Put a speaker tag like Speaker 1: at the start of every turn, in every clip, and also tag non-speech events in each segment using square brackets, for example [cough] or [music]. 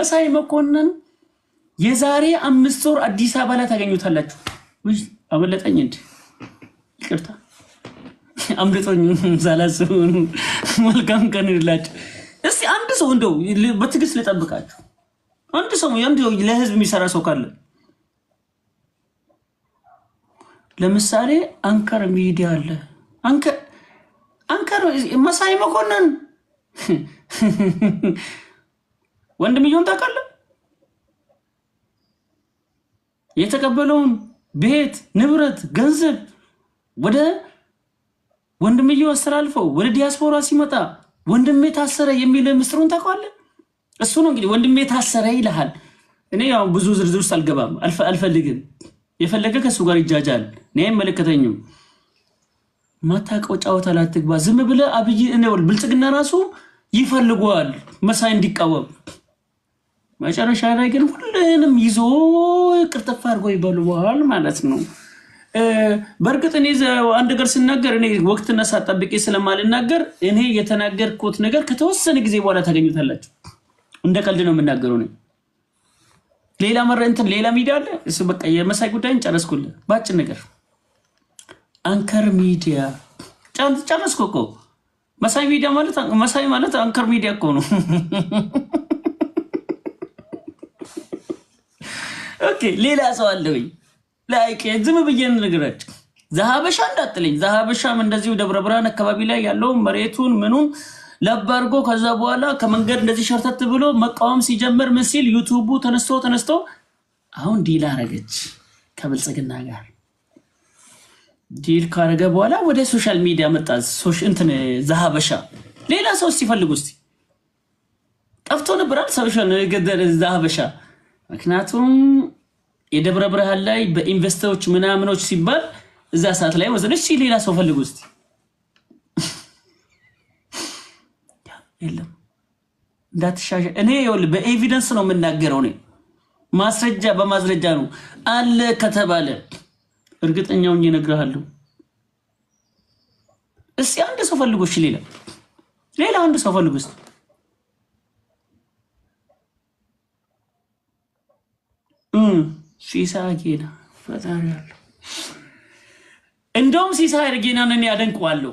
Speaker 1: መሳይ መኮንን የዛሬ አምስት ወር አዲስ አበባ ላይ ታገኙታላችሁ። አበለጠኝ እንዴ ይቅርታ አምልጦኝ ሳላስበው። መልካም ቀን ይላችሁ። እስቲ አንድ ሰው እንደው በትዕግስት ልጠብቃችሁ። አንድ ሰው እንደው ለህዝብ የሚሰራ ሰው ካለ ለምሳሌ አንከር ሚዲያ አለ። አንከር መሳይ መኮንን ወንድምየውን ታውቃለህ? የተቀበለውን ቤት፣ ንብረት፣ ገንዘብ ወደ ወንድምየው አስተላልፈው ወደ ዲያስፖራ ሲመጣ ወንድሜ ታሰረ የሚል ምስጢሩን ታውቃለህ? እሱ ነው እንግዲህ ወንድሜ ታሰረ ይልሃል። እኔ ያው ብዙ ዝርዝር ውስጥ አልገባም አልፈልግም። የፈለገ ከእሱ ጋር ይጃጃል፣ እኔ አይመለከተኝም። ማታቀው ጫወታ ላትግባ። ዝም ብለህ አብይ ብልጽግና ራሱ ይፈልጓል መሳይ እንዲቃወም መጨረሻ ላይ ግን ሁሉንም ይዞ ቅርጥፍ አድርጎ ይበልዋል ማለት ነው። በእርግጥ እኔ አንድ ነገር ስናገር እኔ ወቅትና ሰዓት ስለማልናገር እኔ የተናገርኩት ነገር ከተወሰነ ጊዜ በኋላ ታገኙታላችሁ። እንደ ቀልድ ነው የምናገረው ነኝ። ሌላ መረ እንትን ሌላ ሚዲያ አለ። እሱ በቃ የመሳይ ጉዳይን ጨረስኩልህ። በአጭር ነገር አንከር ሚዲያ ጨረስኩ እኮ መሳይ ሚዲያ ማለት መሳይ ማለት አንከር ሚዲያ እኮ ነው። [laughs] ኦኬ ሌላ ሰው አለ ወይ? ላይክ ዝም ብዬ ንግረጭ ዘሀበሻ እንዳትለኝ። ዘሀበሻም እንደዚሁ ደብረ ብርሃን አካባቢ ላይ ያለውን መሬቱን ምኑን ለብ አድርጎ ከዛ በኋላ ከመንገድ እንደዚህ ሸርተት ብሎ መቃወም ሲጀምር ምን ሲል ዩቱቡ ተነስቶ ተነስቶ አሁን ዲል አረገች ከብልጽግና ጋር። ዲል ካረገ በኋላ ወደ ሶሻል ሚዲያ መጣ። እንትን ዘሀበሻ ሌላ ሰው ሲፈልጉ ስ ጠፍቶ ነበር አል ዘሀበሻ ምክንያቱም የደብረ ብርሃን ላይ በኢንቨስተሮች ምናምኖች ሲባል እዛ ሰዓት ላይ ወዘን እሺ፣ ሌላ ሰው ፈልጉ እስቲ የለም እኔ በኤቪደንስ ነው የምናገረው። እኔ ማስረጃ በማስረጃ ነው አለ ከተባለ እርግጠኛውን እነግርሃለሁ። እስቲ አንድ ሰው ፈልጎ ሌላ ሌላ አንድ ሰው ፈልጎ እስቲ ጌና ፈጣሪ አለ። እንደውም ሲሳ ጌናን እኔ አደንቀዋለሁ።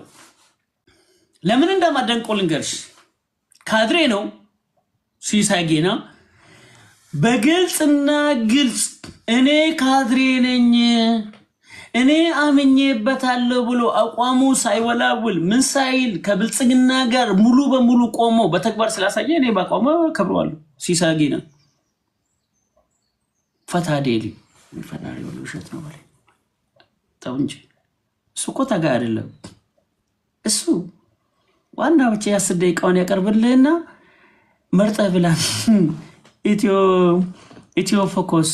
Speaker 1: ለምን እንደማደንቀው ልንገርሽ። ካድሬ ነው ሲሳ ጌና በግልጽና ግልጽ እኔ ካድሬ ነኝ እኔ አምኜበታለሁ ብሎ አቋሙ ሳይወላውል ምን ሳይል ከብልጽግና ጋር ሙሉ በሙሉ ቆሞ በተግባር ስላሳየ እኔ በአቋሙ ከብረዋለሁ ሲሳ ጌና ፈታ ዴሊ ፈጣሪ ሁሉ ውሸት ነው በላይ ተው እንጂ። እሱ እኮ ተጋ አይደለም እሱ ዋና ብቻ የአስር ደቂቃውን ያቀርብልህና መርጠ ብላ ኢትዮ ፎኮስ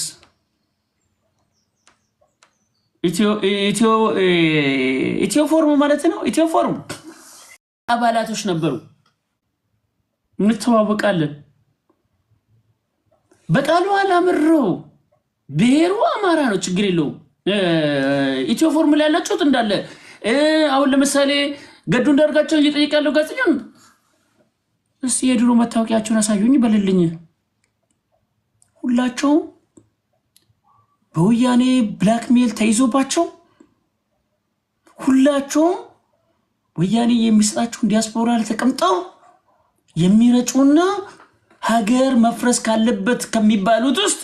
Speaker 1: ኢትዮ ፎርም ማለት ነው። ኢትዮ ፎርም አባላቶች ነበሩ። እንተዋወቃለን። በቃሉ አላምረው ብሔሩ አማራ ነው፣ ችግር የለውም። ኢትዮ ፎርሙላ ላይ ያላችሁት እንዳለ አሁን ለምሳሌ ገዱ እንዳርጋቸው እየጠየቅ ያለው ጋዜጠኛ እስቲ የድሮ መታወቂያቸውን አሳዩኝ በልልኝ። ሁላቸውም በወያኔ ብላክሜል ተይዞባቸው ሁላቸውም ወያኔ የሚሰጣቸውን ዲያስፖራ ተቀምጠው የሚረጩና ሀገር መፍረስ ካለበት ከሚባሉት ውስጥ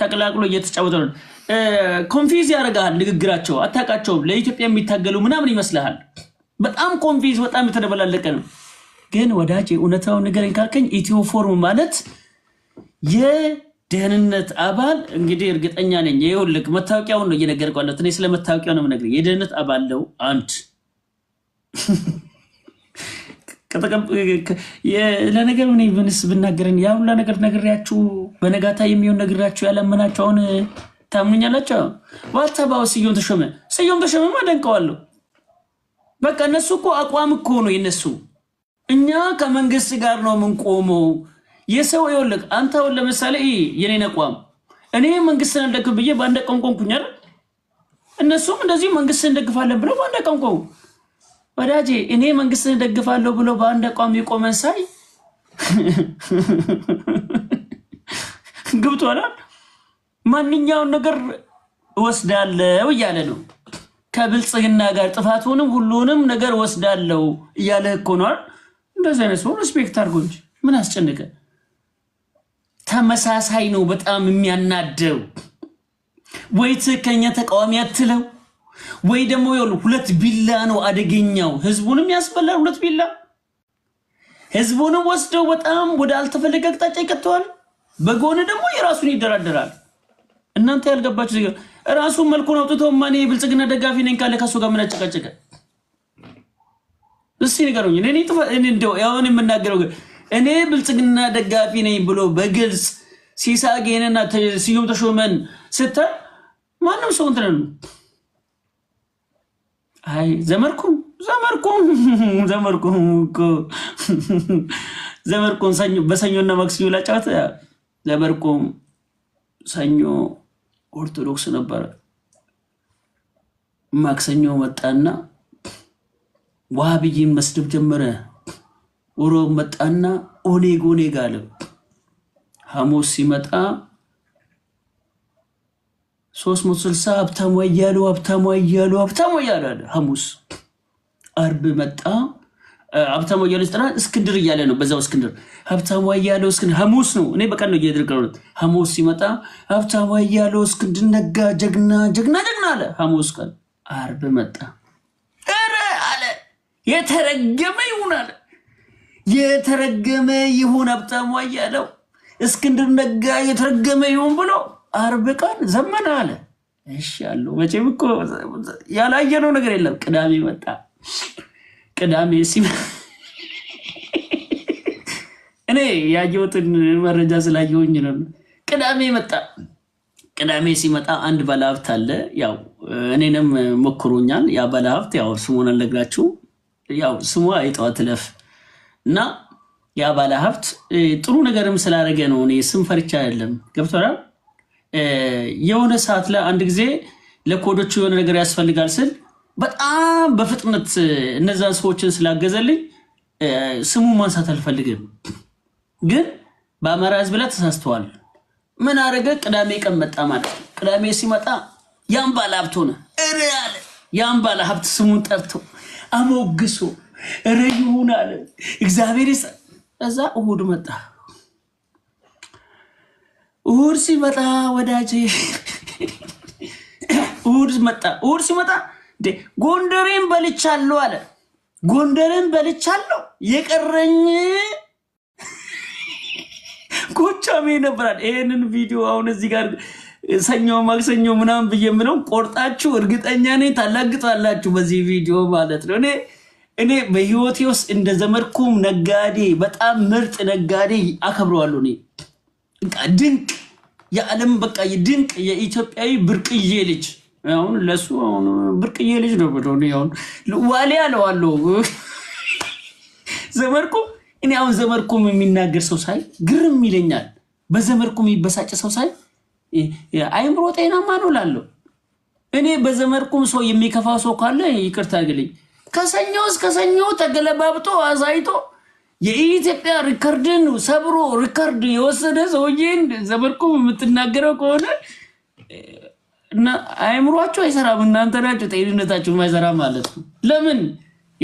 Speaker 1: ተቀላቅሎ እየተጫወተ ነው። ኮንፊዝ ያደርግሃል። ንግግራቸው አታውቃቸውም። ለኢትዮጵያ የሚታገሉ ምናምን ይመስልሃል። በጣም ኮንፊዝ፣ በጣም የተደበላለቀ ነው። ግን ወዳጅ እውነታው ንገረኝ ካልከኝ ኢትዮ ፎርም ማለት የደህንነት አባል እንግዲህ እርግጠኛ ነኝ። ይኸውልህ መታወቂያውን ነው እየነገርኳለሁ። እኔ ስለ መታወቂያው ነው የምነግርህ። የደህንነት አባል ነው አንድ ለነገሩ እኔ ምንስ ብናገረን ያ ሁላ ነገር ነግሬያችሁ በነጋታ የሚሆን ነግሬያችሁ ያላመናችሁ አሁን ታምኑኛላችሁ? ዋተባው ስዩም ተሾመ ስዩም ተሾመማ ደንቀዋለሁ። በቃ እነሱ እኮ አቋም እኮ ነው የነሱ። እኛ ከመንግስት ጋር ነው የምንቆመው። የሰው ይወልቅ አንተ አሁን ለምሳሌ የኔን አቋም እኔ መንግስትን አልደግፍ ብዬ በአንድ አቋም ቆምኩኝ አይደል? እነሱም እንደዚሁ መንግስትን እንደግፋለን ብለው በአንድ ቋንቋ ቆሙ። ወዳጄ እኔ መንግስትን እደግፋለሁ ብሎ በአንድ አቋም የቆመን ሳይ ግብቶናል። ማንኛውን ነገር ወስዳለው እያለ ነው። ከብልጽግና ጋር ጥፋቱንም ሁሉንም ነገር ወስዳለው እያለ እኮ ነዋል። እንደዚህ አይነት ሰው ሪስፔክት አድርጎ እንጂ ምን አስጨነቀ? ተመሳሳይ ነው። በጣም የሚያናደው ወይ ትክክለኛ ተቃዋሚ አትለው ወይ ደግሞ ሁለት ቢላ ነው አደገኛው። ህዝቡንም ያስበላል ሁለት ቢላ። ህዝቡንም ወስደው በጣም ወደ አልተፈለገ አቅጣጫ ይቀጥተዋል። በጎን ደግሞ የራሱን ይደራደራል። እናንተ ያልገባችሁ ዜጋ ራሱን መልኩን አውጥቶ ማን የብልጽግና ደጋፊ ነኝ ካለ ከሱ ጋር ምን አጨቃጨቀ? እስቲ ንገሩኝ። ሁን የምናገረው እኔ ብልጽግና ደጋፊ ነኝ ብሎ በግልጽ ሲሳጌንና ስዩም ተሾመን ስታይ ማንም ሰው እንትን ነው አይ ዘመርኩም ዘመርኩም ዘመርኩም እኮ ዘመርኩም በሰኞና ማክሰኞ ላጫወት ዘመርኩም ሰኞ ኦርቶዶክስ ነበረ። ማክሰኞ መጣና ዋህብይን መስደብ ጀመረ። ሮብ መጣና ኦኔግ ኦኔግ አለ። ሐሙስ ሲመጣ ሶስት መቶ ስልሳ ሀብታሙ እያሉ ሀብታሙ እያሉ ሀብታሙ እያሉ አለ። ሐሙስ አርብ መጣ ሀብታሙ እያሉ ስጠና እስክንድር እያለ ነው። በዛው እስክንድር ሀብታሙ እያሉ እስክንድር ሐሙስ ነው። እኔ በቀን ነው እየደርቀሩት ሐሙስ ሲመጣ ሀብታሙ እያሉ እስክንድር ነጋ ጀግና ጀግና ጀግና አለ። ሐሙስ ቀን አርብ መጣ። ኧረ አለ የተረገመ ይሁን አለ የተረገመ ይሁን ሀብታሙ እያለው እስክንድር ነጋ የተረገመ ይሁን ብሎ አርብ ቀን ዘመነ አለ። እሺ አሉ። መቼም እኮ ያላየነው ነገር የለም። ቅዳሜ መጣ። ቅዳሜ ሲመ እኔ ያየሁትን መረጃ ስላየሁኝ ነው። ቅዳሜ መጣ። ቅዳሜ ሲመጣ አንድ ባለሀብት አለ። ያው እኔንም ሞክሮኛል። ያ ባለሀብት ያው ስሙን አልነግራችሁ፣ ያው ስሙ አይጠዋ ትለፍ እና ያ ባለሀብት ጥሩ ነገርም ስላደረገ ነው። እኔ ስም ፈርቻ አይደለም ገብቶናል። የሆነ ሰዓት ላይ አንድ ጊዜ ለኮዶቹ የሆነ ነገር ያስፈልጋል ስል በጣም በፍጥነት እነዛን ሰዎችን ስላገዘልኝ ስሙን ማንሳት አልፈልግም። ግን በአማራ ህዝብ ላይ ተሳስተዋል። ምን አረገ ቅዳሜ ቀን መጣ ማለት ነው። ቅዳሜ ሲመጣ ያን ባለ ሀብት ሆነ እረ አለ። ያን ባለ ሀብት ስሙን ጠርቶ አሞግሶ እረ ይሁን አለ እግዚአብሔር። እዛ እሑድ መጣ እሑድ ሲመጣ ወዳጄ እሑድ መጣ። እሑድ ሲመጣ ጎንደሬን በልቻለሁ አለ። ጎንደሬን በልቻለሁ የቀረኝ ጎቻሜ ነበራል። ይህንን ቪዲዮ አሁን እዚህ ጋር ሰኞ ማክሰኞ ምናምን ብዬ የምለው ቆርጣችሁ እርግጠኛ ነኝ ታላግጣላችሁ በዚህ ቪዲዮ ማለት ነው። እኔ እኔ በህይወቴ ውስጥ እንደ ዘመድኩም ነጋዴ በጣም ምርጥ ነጋዴ አከብረዋለሁ። እኔ ድንቅ የዓለም በቃ ድንቅ የኢትዮጵያዊ ብርቅዬ ልጅ አሁን ለሱ ብርቅዬ ልጅ ነው ሁን ዋሌ አለዋለሁ። ዘመርኩም እኔ አሁን ዘመድኩም የሚናገር ሰው ሳይ ግርም ይለኛል። በዘመድኩም የሚበሳጭ ሰው ሳይ አይምሮ ጤናማ ነው ላለሁ። እኔ በዘመርኩም ሰው የሚከፋ ሰው ካለ ይቅርታ ግልኝ። ከሰኞ እስከ ሰኞ ተገለባብጦ አዛይቶ የኢትዮጵያ ሪከርድን ሰብሮ ሪከርድ የወሰደ ሰውዬን ዘመድኩ የምትናገረው ከሆነ አእምሯችሁ አይሰራም። እናንተ ናቸው ጤንነታችሁ አይሰራ ማለት ነው። ለምን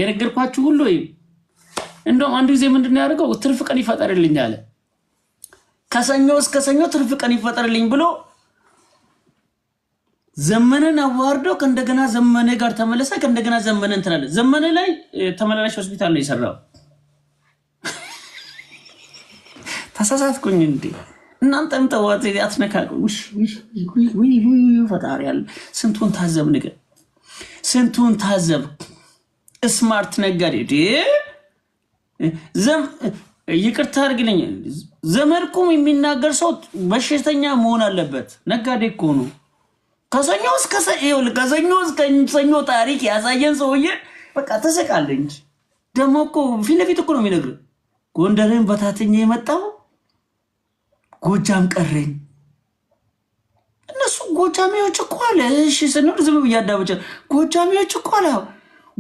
Speaker 1: የነገርኳችሁ ሁሉ ወይም እንደውም አንድ ጊዜ ምንድን ያደርገው ትርፍ ቀን ይፈጠርልኝ አለ። ከሰኞ እስከ ሰኞ ትርፍ ቀን ይፈጠርልኝ ብሎ ዘመነን አዋርደው ከእንደገና ዘመነ ጋር ተመለሰ። ከእንደገና ዘመነ እንትናለ ዘመነ ላይ ተመላላሽ ሆስፒታል ነው የሰራው ተሳሳትኩኝ እንዴ? እናንተም ተዋት አትነካቁኝ። ፈጣሪ ያለ ስንቱን ታዘብ ነገር ስንቱን ታዘብ። ስማርት ነጋዴ ይቅርታ አድርግልኝ። ዘመድኩም የሚናገር ሰው በሽተኛ መሆን አለበት። ነጋዴ እኮ ነው። ከሰኞ እስከ ከሰኞ እስከ ሰኞ ታሪክ ያሳየን ሰውዬ በቃ ትስቃለህ እንጂ ደግሞ እኮ ፊት ለፊት እኮ ነው የሚነግር ጎንደርን በታትኜ የመጣው ጎጃም ቀረኝ። እነሱ ጎጃሚዎች እኮ አለ። እሺ ስንል ዝም ብዬ አዳመጫ። ጎጃሚዎች እኮ አለ።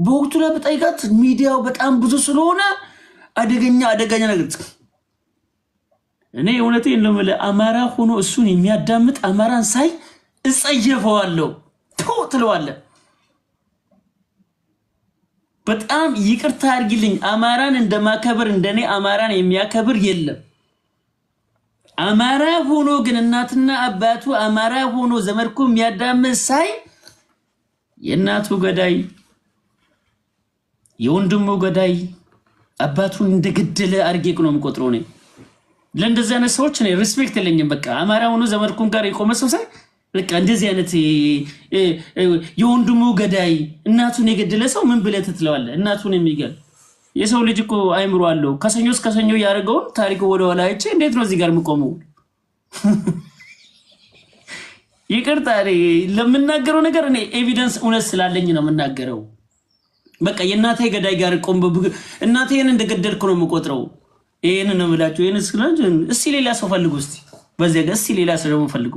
Speaker 1: በወቅቱ ላይ በጠይቃት ሚዲያው በጣም ብዙ ስለሆነ አደገኛ አደገኛ ነገር እኔ እውነቴ ነው የምልህ። አማራ ሆኖ እሱን የሚያዳምጥ አማራን ሳይ እጸየፈዋለሁ። ተው ትለዋለ። በጣም ይቅርታ አድርጊልኝ። አማራን እንደማከብር እንደኔ አማራን የሚያከብር የለም። አማራ ሆኖ ግን እናትና አባቱ አማራ ሆኖ ዘመድኩ የሚያዳምን ሳይ የእናቱ ገዳይ የወንድሙ ገዳይ አባቱን እንደገደለ አድርጌ ነው የምቆጥረው። እኔ ለእንደዚህ አይነት ሰዎች እኔ ሪስፔክት የለኝም። በቃ አማራ ሆኖ ዘመድኩን ጋር የቆመ ሰው ሳይ በቃ እንደዚህ አይነት የወንድሙ ገዳይ እናቱን የገደለ ሰው ምን ብለህ ትትለዋለህ? እናቱን የሚገል የሰው ልጅ እኮ አይምሮ አለው። ከሰኞ እስከ ሰኞ ያደርገውን ታሪክ ወደ ኋላ አይቼ እንዴት ነው እዚህ ጋር የምቆመው? [laughs] ይቅርታ ለምናገረው ነገር እኔ ኤቪደንስ እውነት ስላለኝ ነው የምናገረው። በቃ የእናቴ ገዳይ ጋር ቆም፣ እናቴን እንደገደልኩ ነው የምቆጥረው። ይህን ነው የምላቸው። ይህን እስቲ ሌላ ሰው ፈልጉ። እስቲ በዚያ ጋር እስቲ ሌላ ሰው ደግሞ ፈልጉ።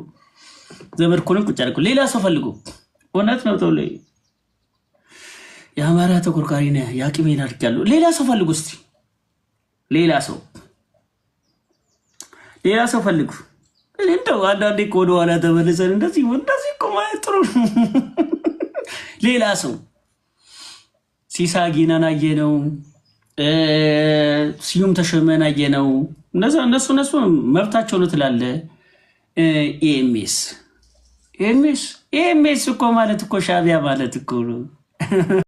Speaker 1: ዘመድኩንም ቁጭ አድርገው ሌላ ሰው ፈልጉ። እውነት ነው ተብሎ የአማራ ተቆርቋሪ ነ የአቅሜን አድርጊያለሁ። ሌላ ሰው ፈልጉ እስቲ፣ ሌላ ሰው ሌላ ሰው ፈልጉ። እንደው አንዳንዴ እኮ ወደኋላ ተመልሰን እንደዚህ እንደዚህ እኮ ማለት ጥሩ ነው። ሌላ ሰው ሲሳ ጊናን አየ ነው ስዩም ተሸመን አየ ነው። እነሱ እነሱ መብታቸው ነው ትላለ። ኤምኤስ ኤምኤስ ኤምኤስ እኮ ማለት እኮ ሻቢያ ማለት እኮ ነው።